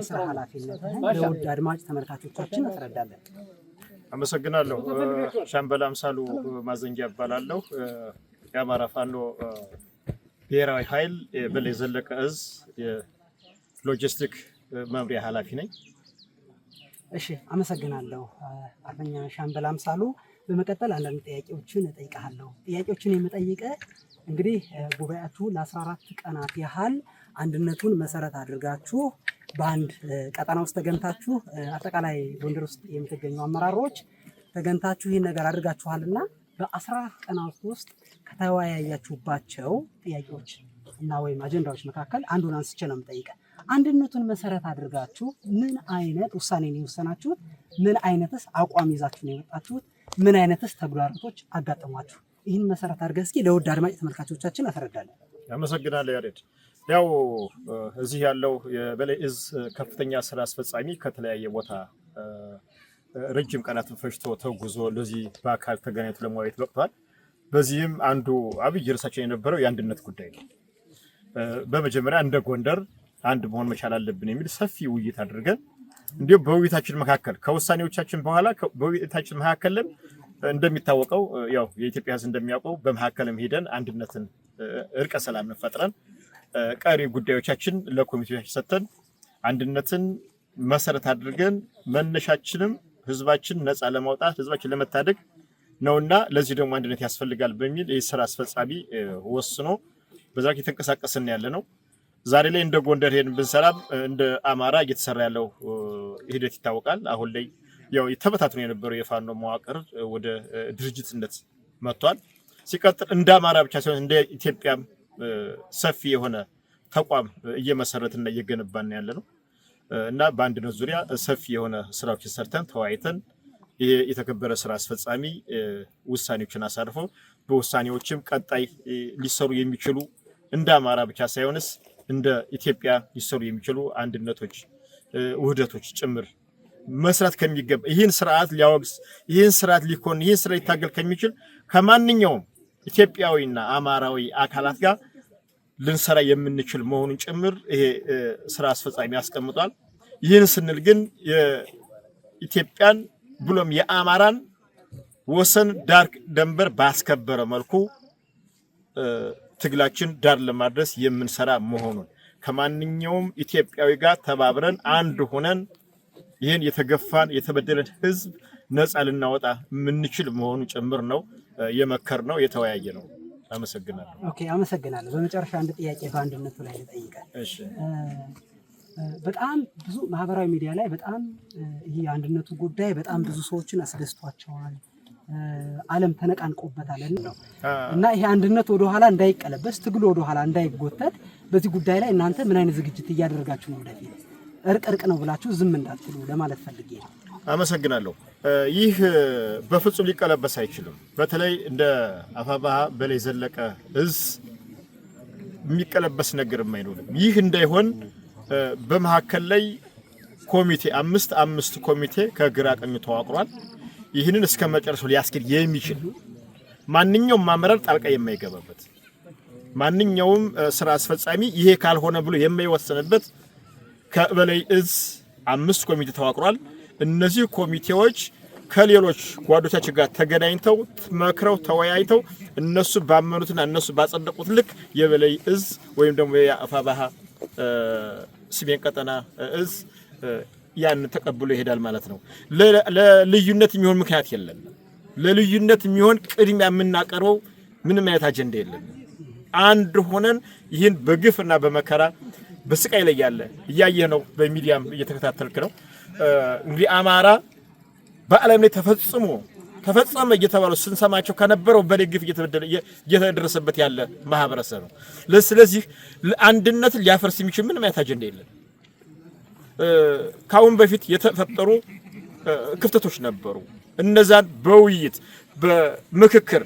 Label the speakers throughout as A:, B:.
A: የስራ ኃላፊነት ለውድ አድማጭ ተመልካቾቻችን አስረዳለን።
B: አመሰግናለሁ። ሻምበል አምሳሉ ማዘንጊያ እባላለሁ። የአማራ ፋኖ ብሔራዊ ኃይል በላይ ዘለቀ እዝ የሎጂስቲክ መምሪያ ኃላፊ ነኝ።
A: እሺ፣ አመሰግናለሁ አርበኛ ሻምበል አምሳሉ። በመቀጠል አንዳንድ ጥያቄዎችን እጠይቃለሁ። ጥያቄዎችን የምጠይቀ እንግዲህ ጉባኤቱ ለ14 ቀናት ያህል አንድነቱን መሰረት አድርጋችሁ በአንድ ቀጠና ውስጥ ተገንታችሁ አጠቃላይ ጎንደር ውስጥ የምትገኙ አመራሮች ተገንታችሁ ይህን ነገር አድርጋችኋልና በአስራ ቀናት ውስጥ ከተወያያችሁባቸው ጥያቄዎች እና ወይም አጀንዳዎች መካከል አንዱን አንስቼ ነው የምጠይቀ። አንድነቱን መሰረት አድርጋችሁ ምን አይነት ነው የወሰናችሁት? ምን አይነትስ አቋም ይዛችሁ ነው የመጣችሁት? ምን አይነትስ ተግዳሮቶች አጋጠሟችሁ? ይህን መሰረት አድርገህ እስኪ ለውድ አድማጭ ተመልካቾቻችን አስረዳለን።
B: አመሰግናለሁ ያሬድ። ያው እዚህ ያለው የበላይ እዝ ከፍተኛ ስራ አስፈጻሚ ከተለያየ ቦታ ረጅም ቀናትን ፈጅቶ ተጉዞ ለዚህ በአካል ተገናኝቶ ለማየት በቅቷል። በዚህም አንዱ አብይ ርዕሳችን የነበረው የአንድነት ጉዳይ ነው። በመጀመሪያ እንደ ጎንደር አንድ መሆን መቻል አለብን የሚል ሰፊ ውይይት አድርገን እንዲሁም በውይይታችን መካከል ከውሳኔዎቻችን በኋላ በውይይታችን መካከልም እንደሚታወቀው ያው የኢትዮጵያ ሕዝብ እንደሚያውቀው በመካከልም ሄደን አንድነትን እርቀ ሰላምን ፈጥረን ቀሪ ጉዳዮቻችን ለኮሚቴዎች ሰጥተን አንድነትን መሰረት አድርገን መነሻችንም ህዝባችን ነፃ ለማውጣት ህዝባችን ለመታደግ ነውና ለዚህ ደግሞ አንድነት ያስፈልጋል በሚል የስራ አስፈጻሚ ወስኖ በዛ የተንቀሳቀስን ያለ ነው። ዛሬ ላይ እንደ ጎንደር ሄድን ብንሰራም እንደ አማራ እየተሰራ ያለው ሂደት ይታወቃል። አሁን ላይ ያው የተበታትኖ የነበረው የፋኖ መዋቅር ወደ ድርጅትነት መጥቷል። ሲቀጥል እንደ አማራ ብቻ ሳይሆን እንደ ኢትዮጵያም ሰፊ የሆነ ተቋም እየመሰረትና እየገነባን ያለ ነው እና በአንድነት ዙሪያ ሰፊ የሆነ ስራዎችን ሰርተን ተወያይተን የተከበረ ስራ አስፈጻሚ ውሳኔዎችን አሳርፎ በውሳኔዎችም ቀጣይ ሊሰሩ የሚችሉ እንደ አማራ ብቻ ሳይሆንስ እንደ ኢትዮጵያ ሊሰሩ የሚችሉ አንድነቶች፣ ውህደቶች ጭምር መስራት ከሚገባ ይህን ስርዓት ሊያወግስ ይህን ስርዓት ሊኮን ይህን ስራ ሊታገል ከሚችል ከማንኛውም ኢትዮጵያዊና አማራዊ አካላት ጋር ልንሰራ የምንችል መሆኑን ጭምር ይሄ ስራ አስፈጻሚ ያስቀምጧል። ይህን ስንል ግን የኢትዮጵያን ብሎም የአማራን ወሰን ዳር ደንበር ባስከበረ መልኩ ትግላችን ዳር ለማድረስ የምንሰራ መሆኑን ከማንኛውም ኢትዮጵያዊ ጋር ተባብረን አንድ ሆነን ይህን የተገፋን የተበደለን ህዝብ ነፃ ልናወጣ የምንችል መሆኑ ጭምር ነው የመከር ነው የተወያየ ነው። አመሰግናለሁ።
A: ኦኬ አመሰግናለሁ። በመጨረሻ አንድ ጥያቄ በአንድነቱ ላይ ልጠይቃል። በጣም ብዙ ማህበራዊ ሚዲያ ላይ በጣም ይህ የአንድነቱ ጉዳይ በጣም ብዙ ሰዎችን አስደስቷቸዋል። ዓለም ተነቃንቆበታል ነው እና ይሄ አንድነት ወደኋላ እንዳይቀለበስ ትግሉ ወደኋላ እንዳይጎተት በዚህ ጉዳይ ላይ እናንተ ምን አይነት ዝግጅት እያደረጋችሁ ነው? ወደፊት እርቅ እርቅ ነው ብላችሁ ዝም እንዳትሉ ለማለት ፈልጌ ነው።
B: አመሰግናለሁ። ይህ በፍጹም ሊቀለበስ አይችልም። በተለይ እንደ አፋባሃ በላይ ዘለቀ እዝ የሚቀለበስ ነገር አይኖርም። ይህ እንዳይሆን በመካከል ላይ ኮሚቴ አምስት አምስት ኮሚቴ ከግራ ቀኙ ተዋቅሯል። ይህንን እስከ መጨረሱ ሊያስኬድ የሚችል ማንኛውም አመራር ጣልቃ የማይገባበት ማንኛውም ስራ አስፈጻሚ ይሄ ካልሆነ ብሎ የማይወሰንበት ከበላይ እዝ አምስት ኮሚቴ ተዋቅሯል። እነዚህ ኮሚቴዎች ከሌሎች ጓዶቻችን ጋር ተገናኝተው መክረው ተወያይተው እነሱ ባመኑትና እነሱ ባጸደቁት ልክ የበላይ እዝ ወይም ደግሞ የአፋባሃ ስሜን ቀጠና እዝ ያን ተቀብሎ ይሄዳል ማለት ነው። ለልዩነት የሚሆን ምክንያት የለም። ለልዩነት የሚሆን ቅድሚያ የምናቀርበው ምንም አይነት አጀንዳ የለም። አንድ ሆነን ይህን በግፍና በመከራ በስቃይ ላይ ያለ እያየህ ነው። በሚዲያም እየተከታተልክ ነው። እንግዲህ አማራ በዓለም ላይ ተፈጽሞ ተፈጸመ እየተባሉ ስንሰማቸው ከነበረው በላይ ግፍ እየተደረሰበት ያለ ማህበረሰብ ነው። ስለዚህ አንድነት ሊያፈርስ የሚችል ምንም አይነት አጀንዳ የለም። ከአሁን በፊት የተፈጠሩ ክፍተቶች ነበሩ። እነዛን በውይይት በምክክር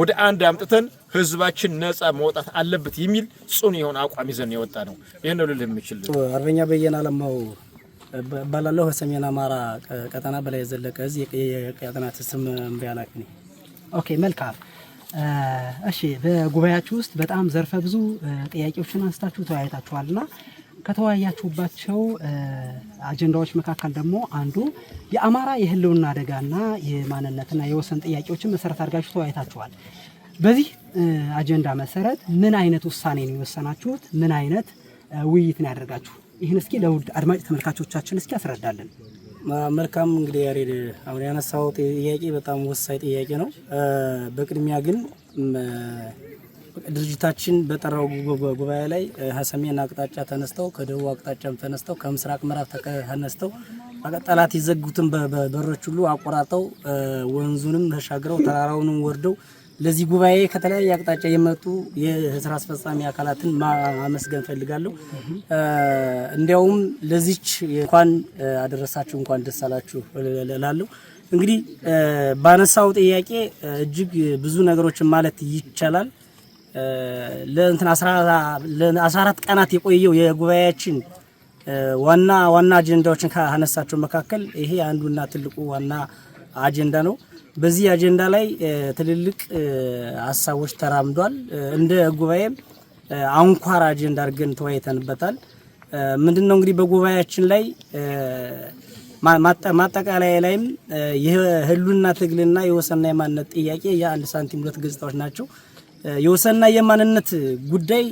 B: ወደ አንድ አምጥተን ህዝባችን ነጻ መውጣት አለበት የሚል ጽኑ የሆነ አቋም ይዘን የወጣ ነው። ይህን ነው ልልህ የምችል።
A: አርበኛ በየነ አለማው ባላለሁ ሰሜን አማራ ቀጠና በላይ የዘለቀ እዚህ የቀጠና ስም እንበያ ኃላፊ ኦኬ መልካም እሺ። በጉባኤያችሁ ውስጥ በጣም ዘርፈ ብዙ ጥያቄዎችን አንስታችሁ ተወያይታችኋልና ከተወያያችሁባቸው አጀንዳዎች መካከል ደግሞ አንዱ የአማራ የህልውና አደጋና የማንነትና የወሰን ጥያቄዎችን መሰረት አድርጋችሁ ተወያይታችኋል። በዚህ አጀንዳ መሰረት ምን አይነት ውሳኔ ነው የወሰናችሁት? ምን አይነት ውይይት ነው ያደርጋችሁ? ይህን እስኪ ለውድ አድማጭ ተመልካቾቻችን እስኪ ያስረዳልን?
C: መልካም እንግዲህ ያሬድ አሁን ያነሳው ጥያቄ በጣም ወሳኝ ጥያቄ ነው። በቅድሚያ ግን ድርጅታችን በጠራው ጉባኤ ላይ ከሰሜን አቅጣጫ ተነስተው ከደቡብ አቅጣጫም ተነስተው ከምስራቅ ምዕራብ ተነስተው ጠላት የዘጉትን በሮች ሁሉ አቆራርጠው ወንዙንም ተሻግረው ተራራውንም ወርደው ለዚህ ጉባኤ ከተለያየ አቅጣጫ የመጡ የስራ አስፈጻሚ አካላትን ማመስገን ፈልጋለሁ። እንዲያውም ለዚች እንኳን አደረሳችሁ እንኳን ደስ አላችሁ እላለሁ። እንግዲህ ባነሳው ጥያቄ እጅግ ብዙ ነገሮችን ማለት ይቻላል። ለእንትን 14 ቀናት የቆየው የጉባኤያችን ዋና ዋና አጀንዳዎችን ካነሳቸው መካከል ይሄ አንዱና ትልቁ ዋና አጀንዳ ነው። በዚህ አጀንዳ ላይ ትልልቅ ሀሳቦች ተራምዷል። እንደ ጉባኤም አንኳር አጀንዳ አድርገን ተወያይተንበታል። ምንድን ነው እንግዲህ በጉባኤያችን ላይ ማጠቃለያ ላይም የህሉና ትግልና የወሰንና የማንነት ጥያቄ የአንድ ሳንቲም ሁለት ገጽታዎች ናቸው የወሰንና የማንነት ጉዳይ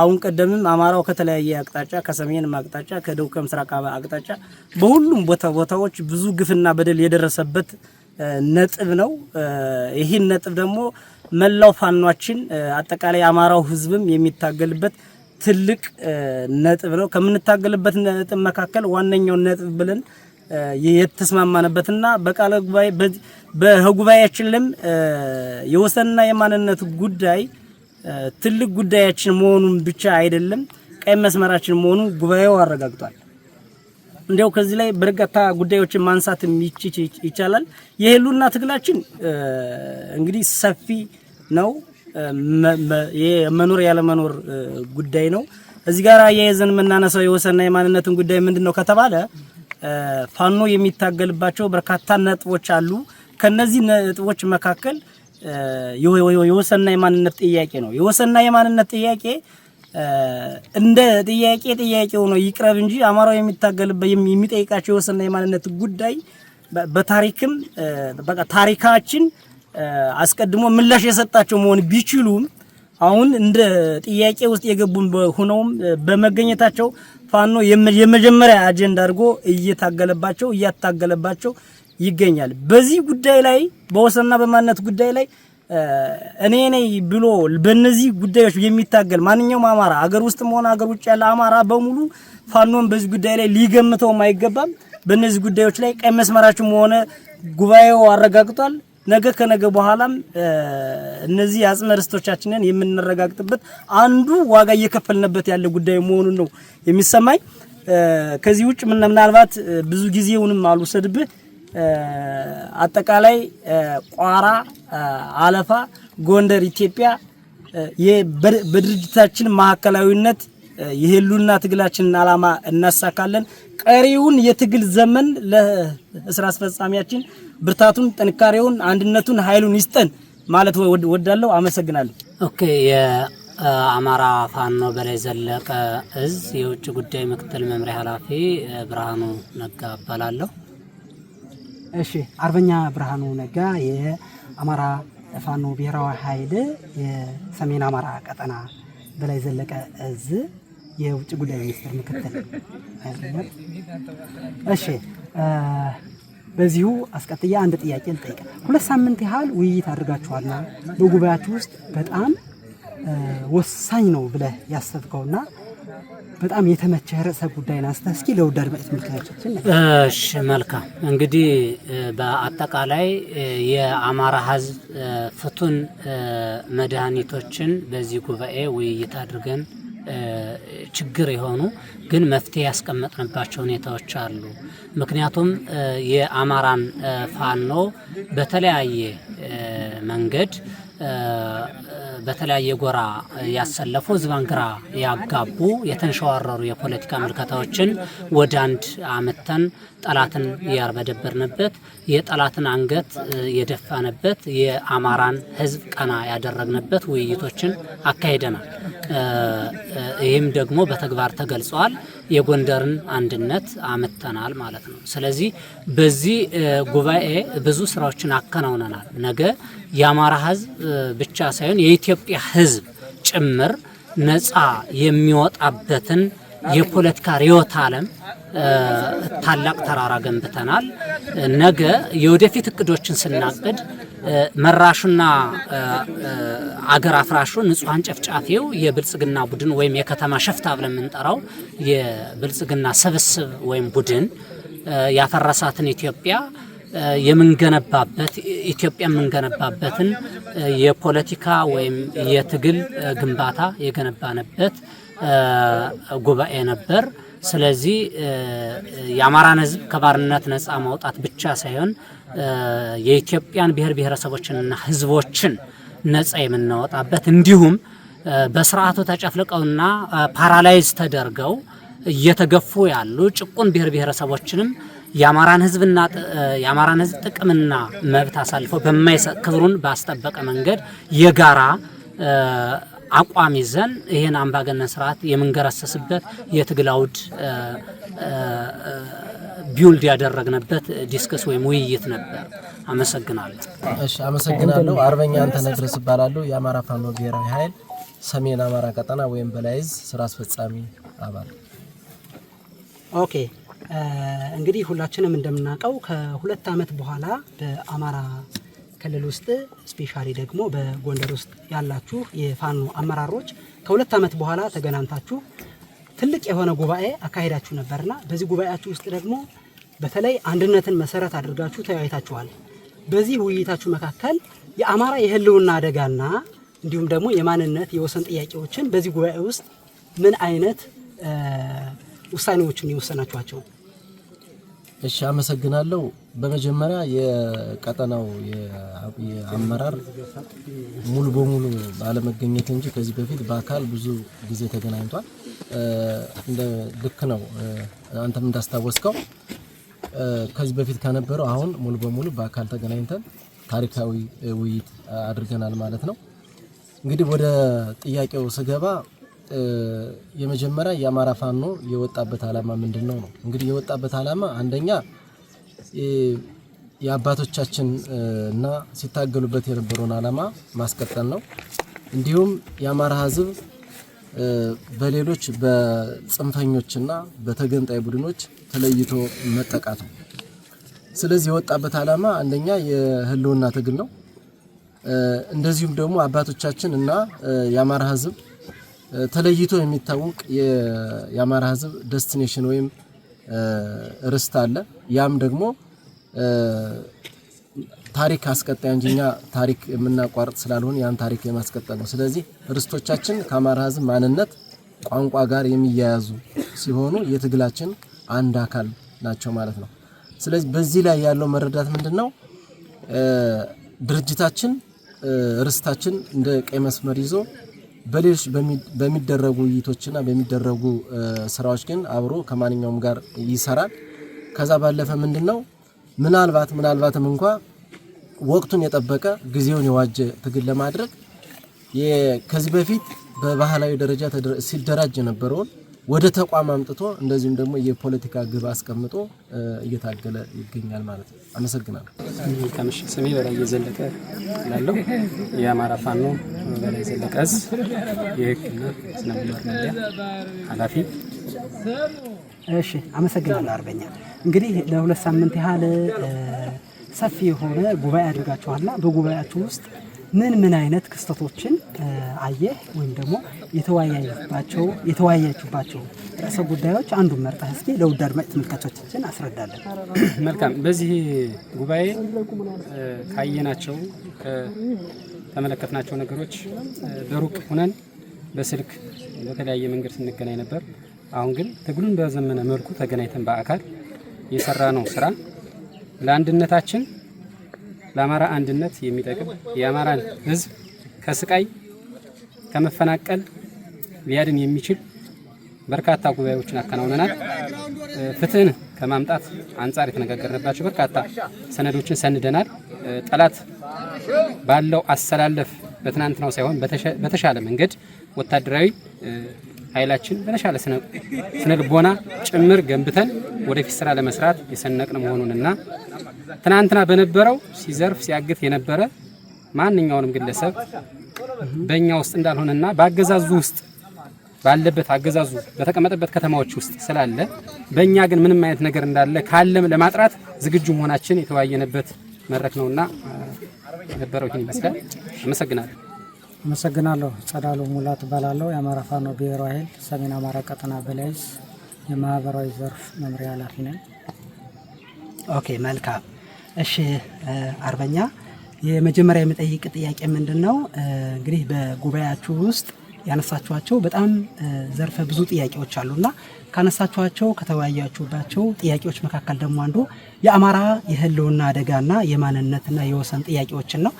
C: አሁን ቀደምም አማራው ከተለያየ አቅጣጫ ከሰሜን አቅጣጫ ከደቡብ ከምስራቅ አቅጣጫ በሁሉም ቦታ ቦታዎች ብዙ ግፍና በደል የደረሰበት ነጥብ ነው። ይህን ነጥብ ደግሞ መላው ፋኗችን አጠቃላይ አማራው ህዝብም የሚታገልበት ትልቅ ነጥብ ነው። ከምንታገልበት ነጥብ መካከል ዋነኛውን ነጥብ ብለን የተስማማንበትና በቃለ ጉባኤ በጉባኤያችን የወሰና የወሰንና የማንነት ጉዳይ ትልቅ ጉዳያችን መሆኑን ብቻ አይደለም ቀይ መስመራችን መሆኑ ጉባኤው አረጋግጧል። እንዲያው ከዚህ ላይ በርካታ ጉዳዮችን ማንሳት ይቻላል። የህሉና ትግላችን እንግዲህ ሰፊ ነው። የመኖር ያለመኖር ጉዳይ ነው። እዚህ ጋር አያይዘን የምናነሳው የወሰንና የማንነትን ጉዳይ ምንድን ነው ከተባለ ፋኖ የሚታገልባቸው በርካታ ነጥቦች አሉ። ከነዚህ ነጥቦች መካከል የወሰንና የማንነት ጥያቄ ነው። የወሰንና የማንነት ጥያቄ እንደ ጥያቄ ጥያቄ ሆኖ ይቅረብ እንጂ አማራው የሚታገልበት የሚጠይቃቸው የወሰንና የማንነት ጉዳይ በታሪክም በቃ ታሪካችን አስቀድሞ ምላሽ የሰጣቸው መሆን ቢችሉም አሁን እንደ ጥያቄ ውስጥ የገቡን ሆነውም በመገኘታቸው ፋኖ የመጀመሪያ አጀንዳ አድርጎ እየታገለባቸው እያታገለባቸው ይገኛል። በዚህ ጉዳይ ላይ በወሰንና በማንነት ጉዳይ ላይ እኔ ነኝ ብሎ በእነዚህ ጉዳዮች የሚታገል ማንኛውም አማራ አገር ውስጥም ሆነ አገር ውጭ ያለ አማራ በሙሉ ፋኖን በዚህ ጉዳይ ላይ ሊገምተውም አይገባም። በእነዚህ ጉዳዮች ላይ ቀይ መስመራችሁም ሆነ ጉባኤው አረጋግጧል። ነገ ከነገ በኋላም እነዚህ የአጽመ ርስቶቻችንን የምንረጋግጥበት አንዱ ዋጋ እየከፈልንበት ያለ ጉዳይ መሆኑን ነው የሚሰማኝ። ከዚህ ውጭ ምናልባት ብዙ ጊዜውንም አልውሰድብህ። አጠቃላይ ቋራ አለፋ ጎንደር ኢትዮጵያ በድርጅታችን ማዕከላዊነት የህሉና ትግላችንን አላማ እናሳካለን። ቀሪውን የትግል ዘመን ለስራ አስፈጻሚያችን ብርታቱን፣ ጥንካሬውን፣ አንድነቱን፣ ኃይሉን ይስጠን ማለት ወዳለው አመሰግናለሁ።
A: ኦኬ የአማራ ፋኖ በላይ ዘለቀ እዝ የውጭ ጉዳይ ምክትል መምሪያ ኃላፊ ብርሃኑ ነጋ እባላለሁ። እሺ አርበኛ ብርሃኑ ነጋ የአማራ ፋኖ ብሔራዊ ኃይል የሰሜን አማራ ቀጠና በላይ ዘለቀ እዝ የውጭ ጉዳይ ሚኒስትር ምክትል። እሺ በዚሁ አስቀጥያ አንድ ጥያቄ ልጠይቅ። ሁለት ሳምንት ያህል ውይይት አድርጋችኋልና በጉባኤያችሁ ውስጥ በጣም ወሳኝ ነው ብለህ ያሰብከውና በጣም የተመቸ ርዕሰ ጉዳይን አንስተህ እስኪ ለውድ አድማጭ ተመልካቾቻችን።
D: እሺ መልካም እንግዲህ በአጠቃላይ የአማራ ሕዝብ ፍቱን መድኃኒቶችን በዚህ ጉባኤ ውይይት አድርገን ችግር የሆኑ ግን መፍትሄ ያስቀመጥንባቸው ሁኔታዎች አሉ። ምክንያቱም የአማራን ፋኖ በተለያየ መንገድ በተለያየ ጎራ ያሰለፉ ህዝባን ግራ ያጋቡ የተንሸዋረሩ የፖለቲካ ምልከታዎችን ወደ አንድ አመተን ጠላትን ያርበደበርንበት የጠላትን አንገት የደፋንበት የአማራን ህዝብ ቀና ያደረግንበት ውይይቶችን አካሂደናል። ይህም ደግሞ በተግባር ተገልጿል። የጎንደርን አንድነት አመተናል ማለት ነው። ስለዚህ በዚህ ጉባኤ ብዙ ስራዎችን አከናውነናል። ነገ የአማራ ህዝብ ብቻ ሳይሆን የኢትዮጵያ ህዝብ ጭምር ነፃ የሚወጣበትን የፖለቲካ ርዕዮተ ዓለም ታላቅ ተራራ ገንብተናል። ነገ የወደፊት እቅዶችን ስናቅድ መራሹና አገር አፍራሹ ንጹሐን ጨፍጫፊው የብልጽግና ቡድን ወይም የከተማ ሸፍታ ብለን የምንጠራው የብልጽግና ስብስብ ወይም ቡድን ያፈረሳትን ኢትዮጵያ የምንገነባበት ኢትዮጵያ የምንገነባበትን የፖለቲካ ወይም የትግል ግንባታ የገነባንበት ጉባኤ ነበር። ስለዚህ የአማራን ህዝብ ከባርነት ነፃ ማውጣት ብቻ ሳይሆን የኢትዮጵያን ብሔር ብሔረሰቦችንና ህዝቦችን ነፃ የምናወጣበት እንዲሁም በስርዓቱ ተጨፍልቀውና ፓራላይዝ ተደርገው እየተገፉ ያሉ ጭቁን ብሔር ብሔረሰቦችንም የአማራን ህዝብና የአማራን ህዝብ ጥቅምና መብት አሳልፈው በማይሰጥ ክብሩን ባስጠበቀ መንገድ የጋራ አቋም ይዘን ይህን አምባገነን ስርዓት የምንገረሰስበት የትግል አውድ ቢውልድ ያደረግንበት ዲስከስ ወይም ውይይት ነበር። አመሰግናለሁ።
A: እሺ፣ አመሰግናለሁ። አርበኛ አንተነህ ድረስ እባላለሁ። የአማራ ፋኖ ብሔራዊ ኃይል ሰሜን አማራ ቀጠና ወይም በላይዝ ስራ አስፈጻሚ አባል። ኦኬ እንግዲህ ሁላችንም እንደምናውቀው ከሁለት ዓመት በኋላ በአማራ ክልል ውስጥ ስፔሻሊ ደግሞ በጎንደር ውስጥ ያላችሁ የፋኖ አመራሮች ከሁለት ዓመት በኋላ ተገናኝታችሁ ትልቅ የሆነ ጉባኤ አካሄዳችሁ ነበርና በዚህ ጉባኤያችሁ ውስጥ ደግሞ በተለይ አንድነትን መሰረት አድርጋችሁ ተወያይታችኋል። በዚህ ውይይታችሁ መካከል የአማራ የህልውና አደጋና እንዲሁም ደግሞ የማንነት የወሰን ጥያቄዎችን በዚህ ጉባኤ ውስጥ ምን አይነት ውሳኔዎችን የወሰናችኋቸው? እሺ አመሰግናለሁ። በመጀመሪያ የቀጠናው የአመራር ሙሉ በሙሉ ባለመገኘት እንጂ ከዚህ በፊት በአካል ብዙ ጊዜ ተገናኝቷል። ልክ ነው፣ አንተም እንዳስታወስከው ከዚህ በፊት ከነበረው አሁን ሙሉ በሙሉ በአካል ተገናኝተን ታሪካዊ ውይይት አድርገናል ማለት ነው። እንግዲህ ወደ ጥያቄው ስገባ የመጀመሪያ የአማራ ፋኖ የወጣበት አላማ ምንድን ነው ነው? እንግዲህ የወጣበት አላማ አንደኛ የአባቶቻችን እና ሲታገሉበት የነበረውን አላማ ማስቀጠል ነው። እንዲሁም የአማራ ህዝብ በሌሎች በጽንፈኞችና በተገንጣይ ቡድኖች ተለይቶ መጠቃት ነው። ስለዚህ የወጣበት አላማ አንደኛ የህልውና ትግል ነው። እንደዚሁም ደግሞ አባቶቻችን እና የአማራ ህዝብ። ተለይቶ የሚታወቅ የአማራ ህዝብ ደስቲኔሽን ወይም ርስት አለ። ያም ደግሞ ታሪክ አስቀጣይ እንጂ እኛ ታሪክ የምናቋርጥ ስላልሆን ያን ታሪክ የማስቀጠል ነው። ስለዚህ ርስቶቻችን ከአማራ ህዝብ ማንነት፣ ቋንቋ ጋር የሚያያዙ ሲሆኑ የትግላችን አንድ አካል ናቸው ማለት ነው። ስለዚህ በዚህ ላይ ያለው መረዳት ምንድን ነው? ድርጅታችን ርስታችን እንደ ቀይ መስመር ይዞ በሌሎች በሚደረጉ ውይይቶችና በሚደረጉ ስራዎች ግን አብሮ ከማንኛውም ጋር ይሰራል። ከዛ ባለፈ ምንድን ነው ምናልባት ምናልባትም እንኳ ወቅቱን የጠበቀ ጊዜውን የዋጀ ትግል ለማድረግ ከዚህ በፊት በባህላዊ ደረጃ ሲደራጅ የነበረውን ወደ ተቋም አምጥቶ እንደዚሁም ደግሞ የፖለቲካ ግብ አስቀምጦ እየታገለ ይገኛል ማለት ነው። አመሰግናለሁ። ስሜ በላይ የዘለቀ ላለው የአማራ ፋኖ ዘለቀስ የህግና ስነ ምግባር መምሪያ ኃላፊ። እሺ አመሰግናለሁ። አርበኛ እንግዲህ ለሁለት ሳምንት ያህል ሰፊ የሆነ ጉባኤ አድርጋችኋልና በጉባኤያችሁ ውስጥ ምን ምን አይነት ክስተቶችን አየህ ወይም ደግሞ የተወያያችሁባቸው የተወያያችሁባቸው ርዕሰ ጉዳዮች አንዱን መርጠህ እስኪ ለውድ አድማጭ ተመልካቾቻችን አስረዳለን። መልካም። በዚህ ጉባኤ ካየናቸው ተመለከትናቸው ነገሮች በሩቅ ሁነን በስልክ በተለያየ መንገድ ስንገናኝ ነበር። አሁን ግን ትግሉን በዘመነ መልኩ ተገናኝተን በአካል የሰራ ነው ስራ ለአንድነታችን ለአማራ አንድነት የሚጠቅም የአማራን ሕዝብ ከስቃይ ከመፈናቀል ሊያድን የሚችል በርካታ ጉባኤዎችን አከናውነናል። ፍትህን ከማምጣት አንጻር የተነጋገርንባቸው በርካታ ሰነዶችን ሰንደናል። ጠላት ባለው አሰላለፍ በትናንትናው ሳይሆን በተሻለ መንገድ ወታደራዊ ኃይላችን በተሻለ ስነ ልቦና ጭምር ገንብተን ወደፊት ስራ ለመስራት የሰነቅን መሆኑንና ትናንትና በነበረው ሲዘርፍ ሲያግት የነበረ ማንኛውንም ግለሰብ በእኛ ውስጥ እንዳልሆነና በአገዛዙ ውስጥ ባለበት አገዛዙ በተቀመጠበት ከተማዎች ውስጥ ስላለ በእኛ ግን ምንም አይነት ነገር እንዳለ ካለም ለማጥራት ዝግጁ መሆናችን የተወያየንበት መድረክ ነውና የነበረው ይህን ይመስላል። አመሰግናለሁ። አመሰግናለሁ። ጸዳሉ ሙላ ትባላለሁ የአማራ ፋኖ ብሔራዊ ኃይል ሰሜን አማራ ቀጠና በላይስ የማህበራዊ ዘርፍ መምሪያ ኃላፊ ነኝ። ኦኬ መልካም። እሺ አርበኛ የመጀመሪያ የመጠይቅ ጥያቄ ምንድን ነው? እንግዲህ በጉባኤያችሁ ውስጥ ያነሳችኋቸው በጣም ዘርፈ ብዙ ጥያቄዎች አሉና ካነሳችኋቸው ከተወያያችሁባቸው ጥያቄዎች መካከል ደግሞ አንዱ የአማራ የህልውና አደጋና የማንነትና የወሰን ጥያቄዎችን ነው።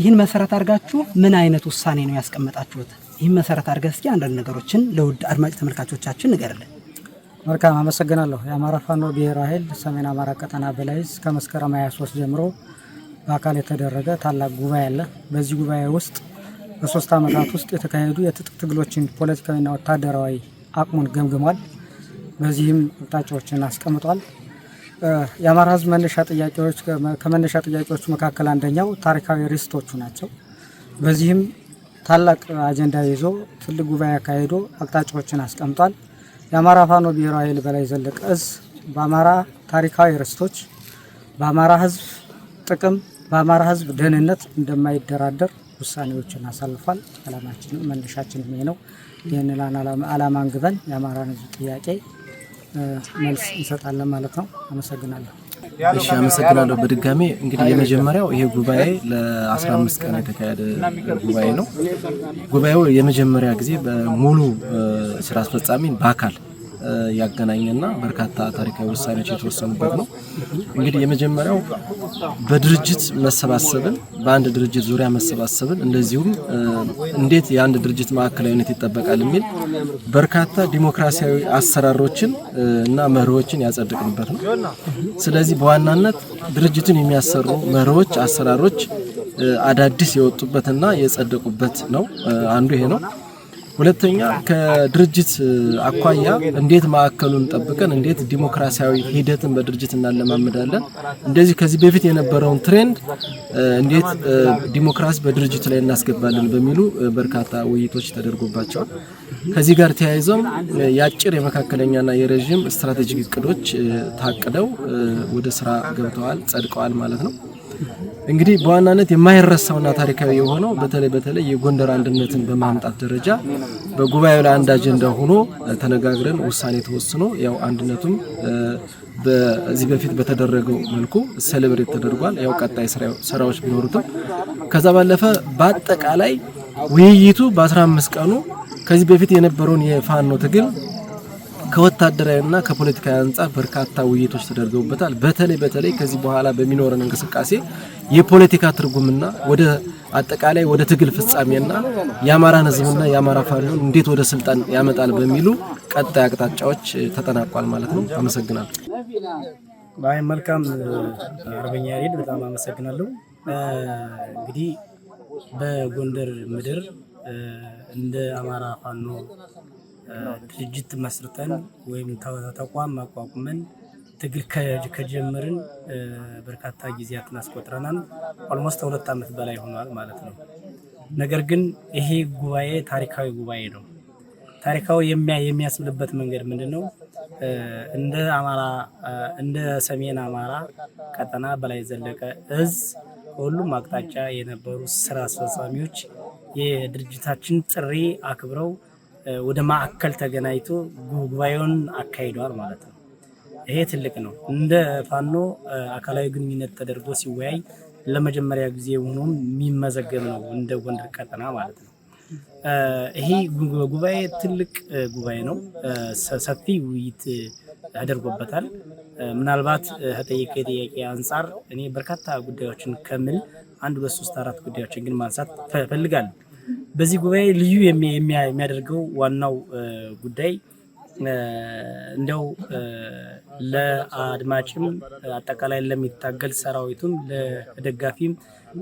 A: ይህን መሰረት አድርጋችሁ ምን አይነት ውሳኔ ነው ያስቀመጣችሁት? ይህን መሰረት አድርገህ እስኪ አንዳንድ ነገሮችን ለውድ አድማጭ ተመልካቾቻችን ንገርልን። መልካም አመሰግናለሁ። የአማራ ፋኖ ብሔራዊ ኃይል ሰሜን አማራ ቀጠና በላይዝ ከመስከረም 23 ጀምሮ በአካል የተደረገ ታላቅ ጉባኤ አለ። በዚህ ጉባኤ ውስጥ በሶስት ዓመታት ውስጥ የተካሄዱ የትጥቅ ትግሎችን ፖለቲካዊና ወታደራዊ አቅሙን ገምግሟል። በዚህም አቅጣጫዎችን አስቀምጧል። የአማራ ህዝብ መነሻ ጥያቄዎች ከመነሻ ጥያቄዎች መካከል አንደኛው ታሪካዊ ርስቶቹ ናቸው። በዚህም ታላቅ አጀንዳ ይዞ ትልቅ ጉባኤ አካሂዶ አቅጣጫዎችን አስቀምጧል። የአማራ ፋኖ ብሔራዊ ኃይል በላይ ዘለቀ እዝ በአማራ ታሪካዊ ርስቶች፣ በአማራ ህዝብ ጥቅም፣ በአማራ ህዝብ ደህንነት እንደማይደራደር ውሳኔዎችን አሳልፏል። አላማችንም መነሻችንም ይሄ ነው። ይህንን አላማ አንግበን የአማራን ሕዝብ ጥያቄ መልስ እንሰጣለን ማለት ነው። አመሰግናለሁ። እሺ፣ አመሰግናለሁ። በድጋሜ እንግዲህ የመጀመሪያው ይሄ ጉባኤ ለ15 ቀን የተካሄደ ጉባኤ ነው። ጉባኤው የመጀመሪያ ጊዜ በሙሉ ስራ አስፈጻሚን በአካል ያገናኘና በርካታ ታሪካዊ ውሳኔዎች የተወሰኑበት ነው። እንግዲህ የመጀመሪያው በድርጅት መሰባሰብን፣ በአንድ ድርጅት ዙሪያ መሰባሰብን፣ እንደዚሁም እንዴት የአንድ ድርጅት ማዕከላዊነት ይጠበቃል የሚል በርካታ ዲሞክራሲያዊ አሰራሮችን እና መርሆችን ያጸድቅንበት ነው። ስለዚህ በዋናነት ድርጅቱን የሚያሰሩ መርሆች፣ አሰራሮች አዳዲስ የወጡበትና የጸደቁበት ነው። አንዱ ይሄ ነው። ሁለተኛ ከድርጅት አኳያ እንዴት ማዕከሉን ጠብቀን እንዴት ዲሞክራሲያዊ ሂደትን በድርጅት እናለማምዳለን፣ እንደዚህ ከዚህ በፊት የነበረውን ትሬንድ እንዴት ዲሞክራሲ በድርጅት ላይ እናስገባለን በሚሉ በርካታ ውይይቶች ተደርጎባቸዋል። ከዚህ ጋር ተያይዘም የአጭር የመካከለኛና የረዥም ስትራቴጂክ እቅዶች ታቅደው ወደ ስራ ገብተዋል፣ ጸድቀዋል ማለት ነው። እንግዲህ በዋናነት የማይረሳውና ታሪካዊ የሆነው በተለይ በተለይ የጎንደር አንድነትን በማምጣት ደረጃ በጉባኤው ላይ አንድ አጀንዳ ሆኖ ተነጋግረን ውሳኔ ተወስኖ ያው አንድነቱም በዚህ በፊት በተደረገው መልኩ ሴሌብሬት ተደርጓል። ያው ቀጣይ ስራዎች ቢኖሩትም ከዛ ባለፈ በአጠቃላይ ውይይቱ በ15 ቀኑ ከዚህ በፊት የነበረውን የፋኖ ትግል ከወታደራዊና ከፖለቲካዊ አንጻር በርካታ ውይይቶች ተደርገውበታል። በተለይ በተለይ ከዚህ በኋላ በሚኖረን እንቅስቃሴ የፖለቲካ ትርጉምና ወደ አጠቃላይ ወደ ትግል ፍጻሜና የአማራን ህዝብና የአማራ ፋኖን እንዴት ወደ ስልጣን ያመጣል በሚሉ ቀጣይ አቅጣጫዎች ተጠናቋል ማለት ነው። አመሰግናለሁ። በአይ መልካም አርበኛ ሬድ በጣም አመሰግናለሁ። እንግዲህ በጎንደር ምድር እንደ አማራ ፋኖ ድርጅት መስርተን ወይም ተቋም አቋቁመን ትግል ከጀመርን በርካታ ጊዜያትን አስቆጥረናል። ኦልሞስት ሁለት ዓመት በላይ ሆኗል ማለት ነው። ነገር ግን ይሄ ጉባኤ ታሪካዊ ጉባኤ ነው። ታሪካዊ የሚያስብልበት መንገድ ምንድን ነው? እንደ አማራ እንደ ሰሜን አማራ ቀጠና በላይ ዘለቀ እዝ ከሁሉም አቅጣጫ የነበሩ ስራ አስፈጻሚዎች የድርጅታችን ጥሪ አክብረው ወደ ማዕከል ተገናኝቶ ጉባኤውን አካሂደዋል ማለት ነው። ይሄ ትልቅ ነው። እንደ ፋኖ አካላዊ ግንኙነት ተደርጎ ሲወያይ ለመጀመሪያ ጊዜ ሆኖም የሚመዘገብ ነው እንደ ጎንደር ቀጠና ማለት ነው። ይሄ ጉባኤ ትልቅ ጉባኤ ነው። ሰፊ ውይይት ተደርጎበታል። ምናልባት ከጠየቀ ጥያቄ አንጻር እኔ በርካታ ጉዳዮችን ከምል አንድ በሶስት ሶስት አራት ጉዳዮችን ግን ማንሳት እፈልጋለሁ። በዚህ ጉባኤ ልዩ የሚያደርገው ዋናው ጉዳይ እንደው ለአድማጭም አጠቃላይ ለሚታገል ሰራዊቱም ለደጋፊም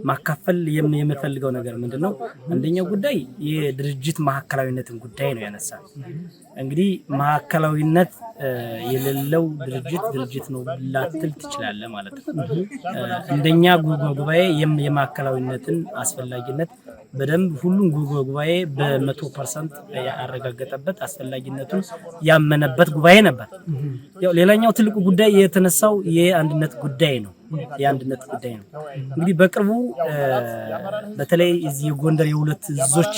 A: ማካፈል የምፈልገው ነገር ምንድን ነው? አንደኛው ጉዳይ የድርጅት ማዕከላዊነትን ጉዳይ ነው ያነሳ። እንግዲህ ማዕከላዊነት የሌለው ድርጅት ድርጅት ነው ላትል ትችላለ ማለት ነው። እንደኛ ጉባኤ የማዕከላዊነትን አስፈላጊነት በደንብ ሁሉም ጉባኤ በመቶ ፐርሰንት ያረጋገጠበት አስፈላጊነቱን ያመነበት ጉባኤ ነበር። ያው ሌላኛው ትልቁ ጉዳይ የተነሳው የአንድነት ጉዳይ ነው። የአንድነት ጉዳይ ነው። እንግዲህ በቅርቡ በተለይ እዚህ የጎንደር የሁለት እዞች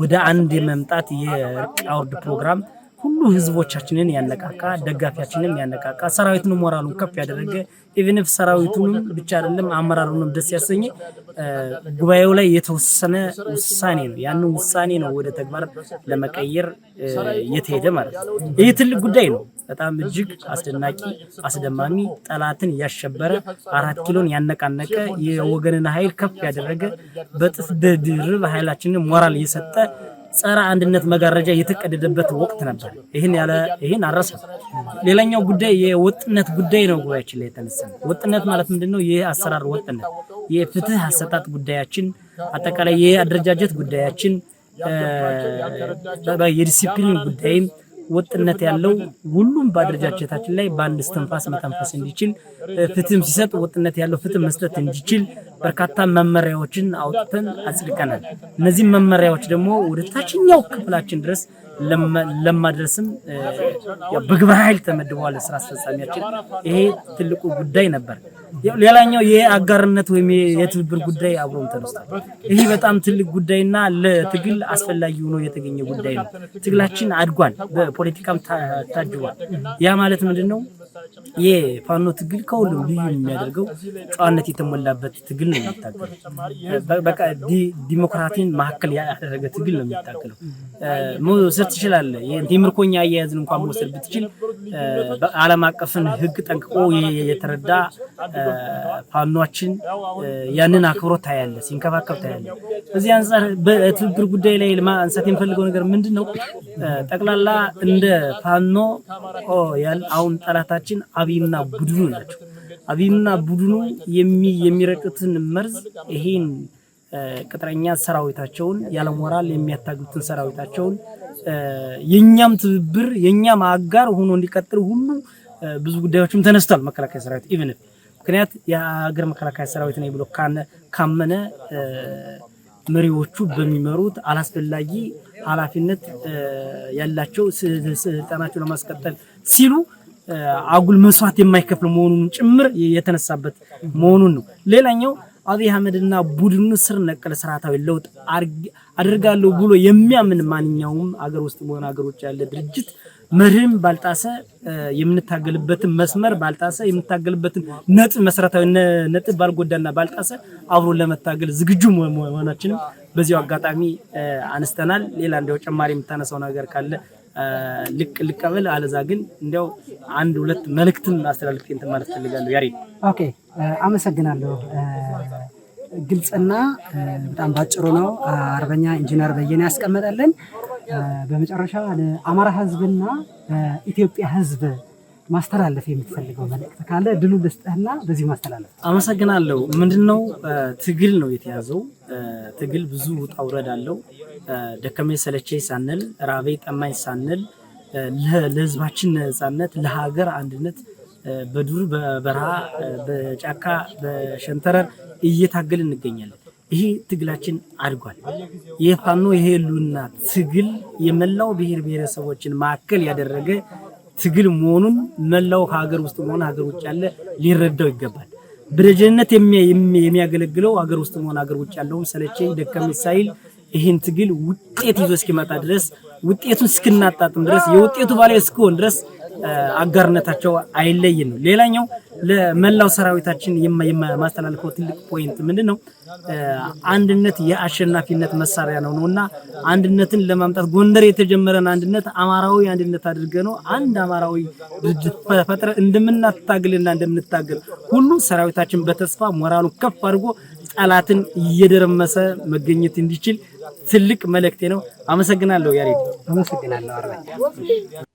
A: ወደ አንድ የመምጣት የእርቅ አውርድ ፕሮግራም ሁሉ ህዝቦቻችንን ያነቃቃ ደጋፊያችንን ያነቃቃ ሰራዊቱን ሞራሉን ከፍ ያደረገ ኢቨንፍ ሰራዊቱንም ብቻ አይደለም አመራሩንም ደስ ያሰኘ ጉባኤው ላይ የተወሰነ ውሳኔ ነው። ያንን ውሳኔ ነው ወደ ተግባር ለመቀየር የተሄደ ማለት ነው። ይህ ትልቅ ጉዳይ ነው። በጣም እጅግ አስደናቂ አስደማሚ፣ ጠላትን ያሸበረ፣ አራት ኪሎን ያነቃነቀ፣ የወገንን ኃይል ከፍ ያደረገ በጥፍ ድርብ ኃይላችንን ሞራል የሰጠ ጸረ አንድነት መጋረጃ የተቀደደበት ወቅት ነበር። ይህን ያለ ይህን አረሰ። ሌላኛው ጉዳይ የወጥነት ጉዳይ ነው። ጉባኤያችን ላይ የተነሳ ወጥነት ማለት ምንድን ነው? ይህ አሰራር ወጥነት፣ የፍትህ አሰጣጥ ጉዳያችን፣ አጠቃላይ የአደረጃጀት ጉዳያችን፣ የዲሲፕሊን ጉዳይም ወጥነት ያለው ሁሉም በአደረጃጀታችን ላይ በአንድ እስትንፋስ መተንፈስ እንዲችል ፍትህም ሲሰጥ ወጥነት ያለው ፍትህ መስጠት እንዲችል በርካታ መመሪያዎችን አውጥተን አጽድቀናል። እነዚህም መመሪያዎች ደግሞ ወደ ታችኛው ክፍላችን ድረስ ለማድረስም በግብረ ኃይል ተመድበዋል ስራ አስፈጻሚያችን። ይሄ ትልቁ ጉዳይ ነበር። ሌላኛው የአጋርነት ወይም የትብብር ጉዳይ አብሮም ተነስቷል። ይህ በጣም ትልቅ ጉዳይና ለትግል አስፈላጊ ሆኖ የተገኘ ጉዳይ ነው። ትግላችን አድጓል፣ በፖለቲካም ታጅቧል። ያ ማለት ምንድን ነው? የፋኖ ትግል ከሁሉም ልዩ የሚያደርገው ጨዋነት የተሞላበት ትግል ነው የሚታገለው። በቃ ዲሞክራቲን መካከል ያደረገ ትግል ነው የሚታገለው። መውሰድ ትችላለህ። የምርኮኛ አያያዝን እንኳን መውሰድ ብትችል ዓለም አቀፍን ሕግ ጠንቅቆ የተረዳ ፋኗችን ያንን አክብሮት ታያለህ፣ ሲንከባከብ ታያለህ። በዚህ አንጻር በትብብር ጉዳይ ላይ ማንሳት የምፈልገው ነገር ምንድን ነው? ጠቅላላ እንደ ፋኖ አሁን ጠላታችን አብይና ቡድኑ ናቸው። አብይና ቡድኑ የሚረቅትን መርዝ ይሄን ቅጥረኛ ሰራዊታቸውን ያለሞራል የሚያታግሉትን ሰራዊታቸውን የእኛም ትብብር የእኛም አጋር ሆኖ እንዲቀጥል ሁሉ ብዙ ጉዳዮችም ተነስቷል። መከላከያ ሰራዊት ኢቭን ምክንያት የሀገር መከላከያ ሰራዊት ነው ብሎ ካመነ መሪዎቹ በሚመሩት አላስፈላጊ ኃላፊነት ያላቸው ስልጣናቸው ለማስቀጠል ሲሉ አጉል መስዋዕት የማይከፍል መሆኑን ጭምር የተነሳበት መሆኑን ነው። ሌላኛው አብይ አህመድና ቡድኑ ስር ነቀል ስርዓታዊ ለውጥ አድርጋለሁ ብሎ የሚያምን ማንኛውም አገር ውስጥ መሆን አገር ውጭ ያለ ድርጅት መርህም ባልጣሰ የምንታገልበትን መስመር ባልጣሰ የምንታገልበትን ነጥብ መሰረታዊ ነጥብ ባልጎዳና ባልጣሰ አብሮ ለመታገል ዝግጁ መሆናችንም በዚሁ አጋጣሚ አንስተናል። ሌላ እንዲያው ጨማሪ የምታነሳው ነገር ካለ ልቅ ልቀበል፣ አለዛ ግን እንዲያው አንድ ሁለት መልእክትን አስተላልፍ እንትን ማለት ፈልጋለሁ። ያሬ ኦኬ፣ አመሰግናለሁ። ግልጽና በጣም ባጭሩ ነው አርበኛ ኢንጂነር በየነ ያስቀመጠልን። በመጨረሻ ለአማራ ህዝብና ኢትዮጵያ ህዝብ ማስተላለፍ የምትፈልገው መልእክት ካለ ድሉ ልስጥህና በዚህ ማስተላለፍ። አመሰግናለሁ። ምንድነው ትግል ነው የተያዘው። ትግል ብዙ ውጣ ውረድ አለው። ደከመኝ ሰለቸኝ ሳንል፣ ራበኝ ጠማኝ ሳንል ለህዝባችን ነፃነት፣ ለሀገር አንድነት በዱር በበረሃ በጫካ በሸንተረር እየታገል እንገኛለን። ይሄ ትግላችን አድጓል። የፋኖ የህሉና ትግል የመላው ብሔር ብሔረሰቦችን ማዕከል ያደረገ ትግል መሆኑን መላው ከሀገር ውስጥ መሆን ሀገር ውጭ ያለ ሊረዳው ይገባል። በደጀንነት የሚያገለግለው ሀገር ውስጥ መሆን ሀገር ውጭ ያለውም ሰለቸኝ ደከመኝ ሳይል ይህን ትግል ውጤት ይዞ እስኪመጣ ድረስ ውጤቱን እስክናጣጥም ድረስ የውጤቱ ባላይ እስክሆን ድረስ አጋርነታቸው አይለይ ነው። ሌላኛው ለመላው ሰራዊታችን የማስተላልፈው ትልቅ ፖይንት ምንድን ነው? አንድነት የአሸናፊነት መሳሪያ ነው ነውና አንድነትን ለማምጣት ጎንደር የተጀመረን አንድነት አማራዊ አንድነት አድርገ ነው አንድ አማራዊ ድርጅት ፈጥረ እንደምናታግልና እንደምንታገል ሁሉ ሰራዊታችን በተስፋ ሞራሉ ከፍ አድርጎ ጠላትን እየደረመሰ መገኘት እንዲችል ትልቅ መልእክቴ ነው። አመሰግናለሁ። ያሬድ አመሰግናለሁ።